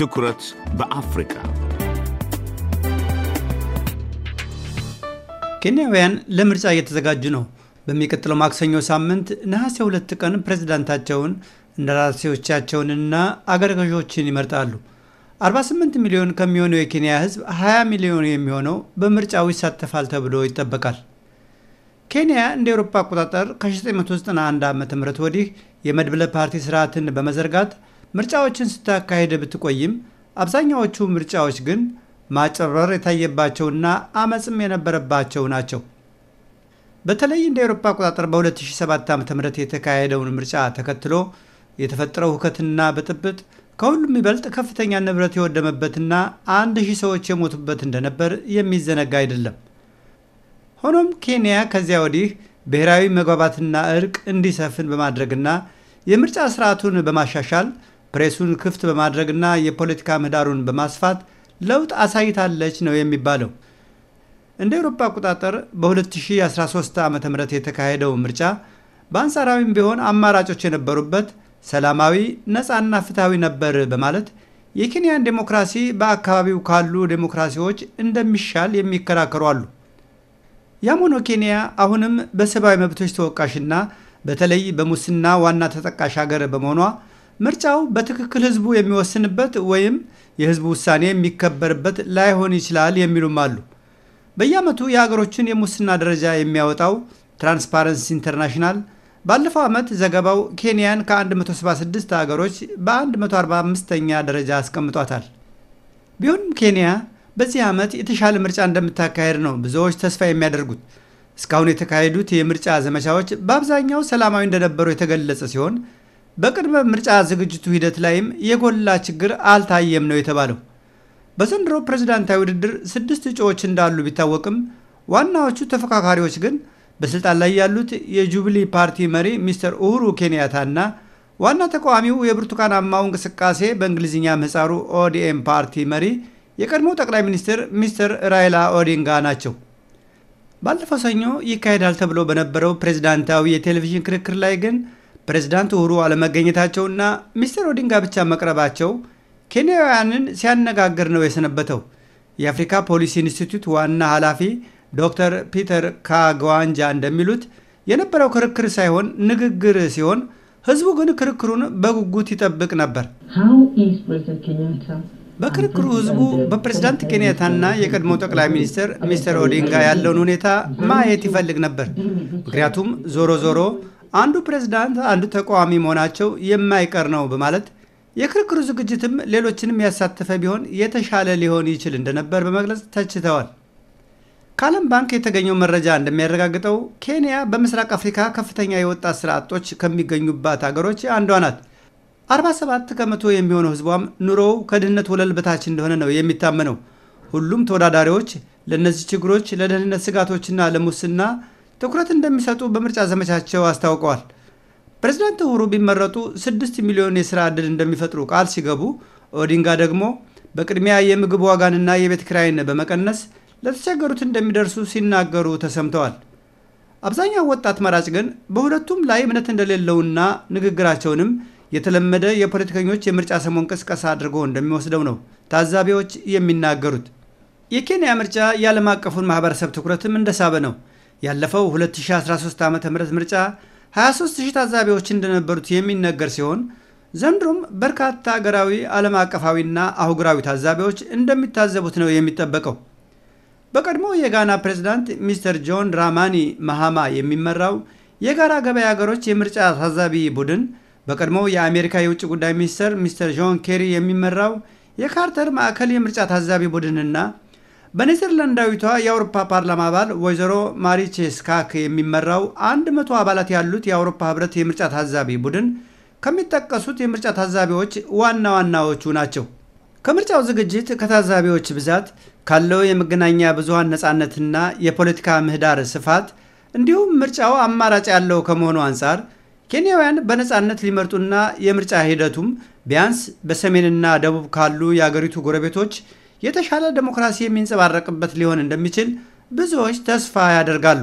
ትኩረት በአፍሪካ ኬንያውያን ለምርጫ እየተዘጋጁ ነው። በሚቀጥለው ማክሰኞ ሳምንት ነሐሴ ሁለት ቀን ፕሬዝዳንታቸውን እንደራሴዎቻቸውንና አገር ገዦችን ይመርጣሉ። 48 ሚሊዮን ከሚሆነው የኬንያ ሕዝብ 20 ሚሊዮን የሚሆነው በምርጫው ይሳተፋል ተብሎ ይጠበቃል። ኬንያ እንደ ኤሮፓ አቆጣጠር ከ1991 ዓ ም ወዲህ የመድብለ ፓርቲ ስርዓትን በመዘርጋት ምርጫዎችን ስታካሄድ ብትቆይም አብዛኛዎቹ ምርጫዎች ግን ማጨረር የታየባቸውና አመፅም የነበረባቸው ናቸው። በተለይ እንደ አውሮፓ አቆጣጠር በ2007 ዓ ም የተካሄደውን ምርጫ ተከትሎ የተፈጠረው ሁከትና ብጥብጥ ከሁሉም ይበልጥ ከፍተኛ ንብረት የወደመበትና አንድ ሺህ ሰዎች የሞቱበት እንደነበር የሚዘነጋ አይደለም። ሆኖም ኬንያ ከዚያ ወዲህ ብሔራዊ መግባባትና እርቅ እንዲሰፍን በማድረግና የምርጫ ስርዓቱን በማሻሻል ፕሬሱን ክፍት በማድረግና የፖለቲካ ምህዳሩን በማስፋት ለውጥ አሳይታለች ነው የሚባለው። እንደ ኤውሮፓ አቆጣጠር በ2013 ዓ ም የተካሄደው ምርጫ በአንጻራዊም ቢሆን አማራጮች የነበሩበት ሰላማዊ፣ ነፃና ፍትሐዊ ነበር በማለት የኬንያን ዴሞክራሲ በአካባቢው ካሉ ዴሞክራሲዎች እንደሚሻል የሚከራከሩ አሉ። ያም ሆኖ ኬንያ አሁንም በሰብአዊ መብቶች ተወቃሽና በተለይ በሙስና ዋና ተጠቃሽ ሀገር በመሆኗ ምርጫው በትክክል ህዝቡ የሚወስንበት ወይም የህዝቡ ውሳኔ የሚከበርበት ላይሆን ይችላል የሚሉም አሉ። በየዓመቱ የሀገሮችን የሙስና ደረጃ የሚያወጣው ትራንስፓረንሲ ኢንተርናሽናል ባለፈው ዓመት ዘገባው ኬንያን ከ176 ሀገሮች በ145ኛ ደረጃ አስቀምጧታል። ቢሆንም ኬንያ በዚህ ዓመት የተሻለ ምርጫ እንደምታካሄድ ነው ብዙዎች ተስፋ የሚያደርጉት። እስካሁን የተካሄዱት የምርጫ ዘመቻዎች በአብዛኛው ሰላማዊ እንደነበሩ የተገለጸ ሲሆን በቅድመ ምርጫ ዝግጅቱ ሂደት ላይም የጎላ ችግር አልታየም ነው የተባለው። በዘንድሮ ፕሬዝዳንታዊ ውድድር ስድስት እጩዎች እንዳሉ ቢታወቅም ዋናዎቹ ተፎካካሪዎች ግን በስልጣን ላይ ያሉት የጁብሊ ፓርቲ መሪ ሚስተር ኡሁሩ ኬንያታና ዋና ተቃዋሚው የብርቱካናማው እንቅስቃሴ በእንግሊዝኛ ምህጻሩ ኦዲኤም ፓርቲ መሪ የቀድሞ ጠቅላይ ሚኒስትር ሚስተር ራይላ ኦዲንጋ ናቸው። ባለፈው ሰኞ ይካሄዳል ተብሎ በነበረው ፕሬዝዳንታዊ የቴሌቪዥን ክርክር ላይ ግን ፕሬዝዳንት ኡሁሩ አለመገኘታቸውና ሚስተር ኦዲንጋ ብቻ መቅረባቸው ኬንያውያንን ሲያነጋግር ነው የሰነበተው። የአፍሪካ ፖሊሲ ኢንስቲትዩት ዋና ኃላፊ ዶክተር ፒተር ካግዋንጃ እንደሚሉት የነበረው ክርክር ሳይሆን ንግግር ሲሆን ህዝቡ ግን ክርክሩን በጉጉት ይጠብቅ ነበር። በክርክሩ ህዝቡ በፕሬዝዳንት ኬንያታና የቀድሞ ጠቅላይ ሚኒስትር ሚስተር ኦዲንጋ ያለውን ሁኔታ ማየት ይፈልግ ነበር። ምክንያቱም ዞሮ ዞሮ አንዱ ፕሬዝዳንት፣ አንዱ ተቃዋሚ መሆናቸው የማይቀር ነው በማለት የክርክሩ ዝግጅትም ሌሎችንም ያሳተፈ ቢሆን የተሻለ ሊሆን ይችል እንደነበር በመግለጽ ተችተዋል። ከዓለም ባንክ የተገኘው መረጃ እንደሚያረጋግጠው ኬንያ በምስራቅ አፍሪካ ከፍተኛ የወጣት ስራ አጦች ከሚገኙባት አገሮች አንዷ ናት። 47 ከመቶ የሚሆነው ህዝቧም ኑሮው ከድህነት ወለል በታች እንደሆነ ነው የሚታመነው። ሁሉም ተወዳዳሪዎች ለእነዚህ ችግሮች፣ ለደህንነት ስጋቶችና ለሙስና ትኩረት እንደሚሰጡ በምርጫ ዘመቻቸው አስታውቀዋል። ፕሬዚዳንት ኡሁሩ ቢመረጡ 6 ሚሊዮን የሥራ ዕድል እንደሚፈጥሩ ቃል ሲገቡ፣ ኦዲንጋ ደግሞ በቅድሚያ የምግብ ዋጋንና የቤት ክራይን በመቀነስ ለተቸገሩት እንደሚደርሱ ሲናገሩ ተሰምተዋል። አብዛኛው ወጣት መራጭ ግን በሁለቱም ላይ እምነት እንደሌለውና ንግግራቸውንም የተለመደ የፖለቲከኞች የምርጫ ሰሞን ቅስቀሳ አድርጎ እንደሚወስደው ነው ታዛቢዎች የሚናገሩት። የኬንያ ምርጫ የዓለም አቀፉን ማህበረሰብ ትኩረትም እንደሳበ ነው። ያለፈው 2013 ዓ ም ምርጫ 23000 ታዛቢዎች እንደነበሩት የሚነገር ሲሆን ዘንድሮም በርካታ አገራዊ ዓለም አቀፋዊና አህጉራዊ ታዛቢዎች እንደሚታዘቡት ነው የሚጠበቀው። በቀድሞ የጋና ፕሬዝዳንት ሚስተር ጆን ድራማኒ መሃማ የሚመራው የጋራ ገበያ ሀገሮች የምርጫ ታዛቢ ቡድን በቀድሞ የአሜሪካ የውጭ ጉዳይ ሚኒስትር ሚስተር ጆን ኬሪ የሚመራው የካርተር ማዕከል የምርጫ ታዛቢ ቡድንና በኔዘርላንዳዊቷ የአውሮፓ ፓርላማ አባል ወይዘሮ ማሪቼስካክ የሚመራው 100 አባላት ያሉት የአውሮፓ ህብረት የምርጫ ታዛቢ ቡድን ከሚጠቀሱት የምርጫ ታዛቢዎች ዋና ዋናዎቹ ናቸው። ከምርጫው ዝግጅት፣ ከታዛቢዎች ብዛት፣ ካለው የመገናኛ ብዙሃን ነፃነትና የፖለቲካ ምህዳር ስፋት እንዲሁም ምርጫው አማራጭ ያለው ከመሆኑ አንጻር ኬንያውያን በነፃነት ሊመርጡና የምርጫ ሂደቱም ቢያንስ በሰሜንና ደቡብ ካሉ የአገሪቱ ጎረቤቶች የተሻለ ዴሞክራሲ የሚንጸባረቅበት ሊሆን እንደሚችል ብዙዎች ተስፋ ያደርጋሉ።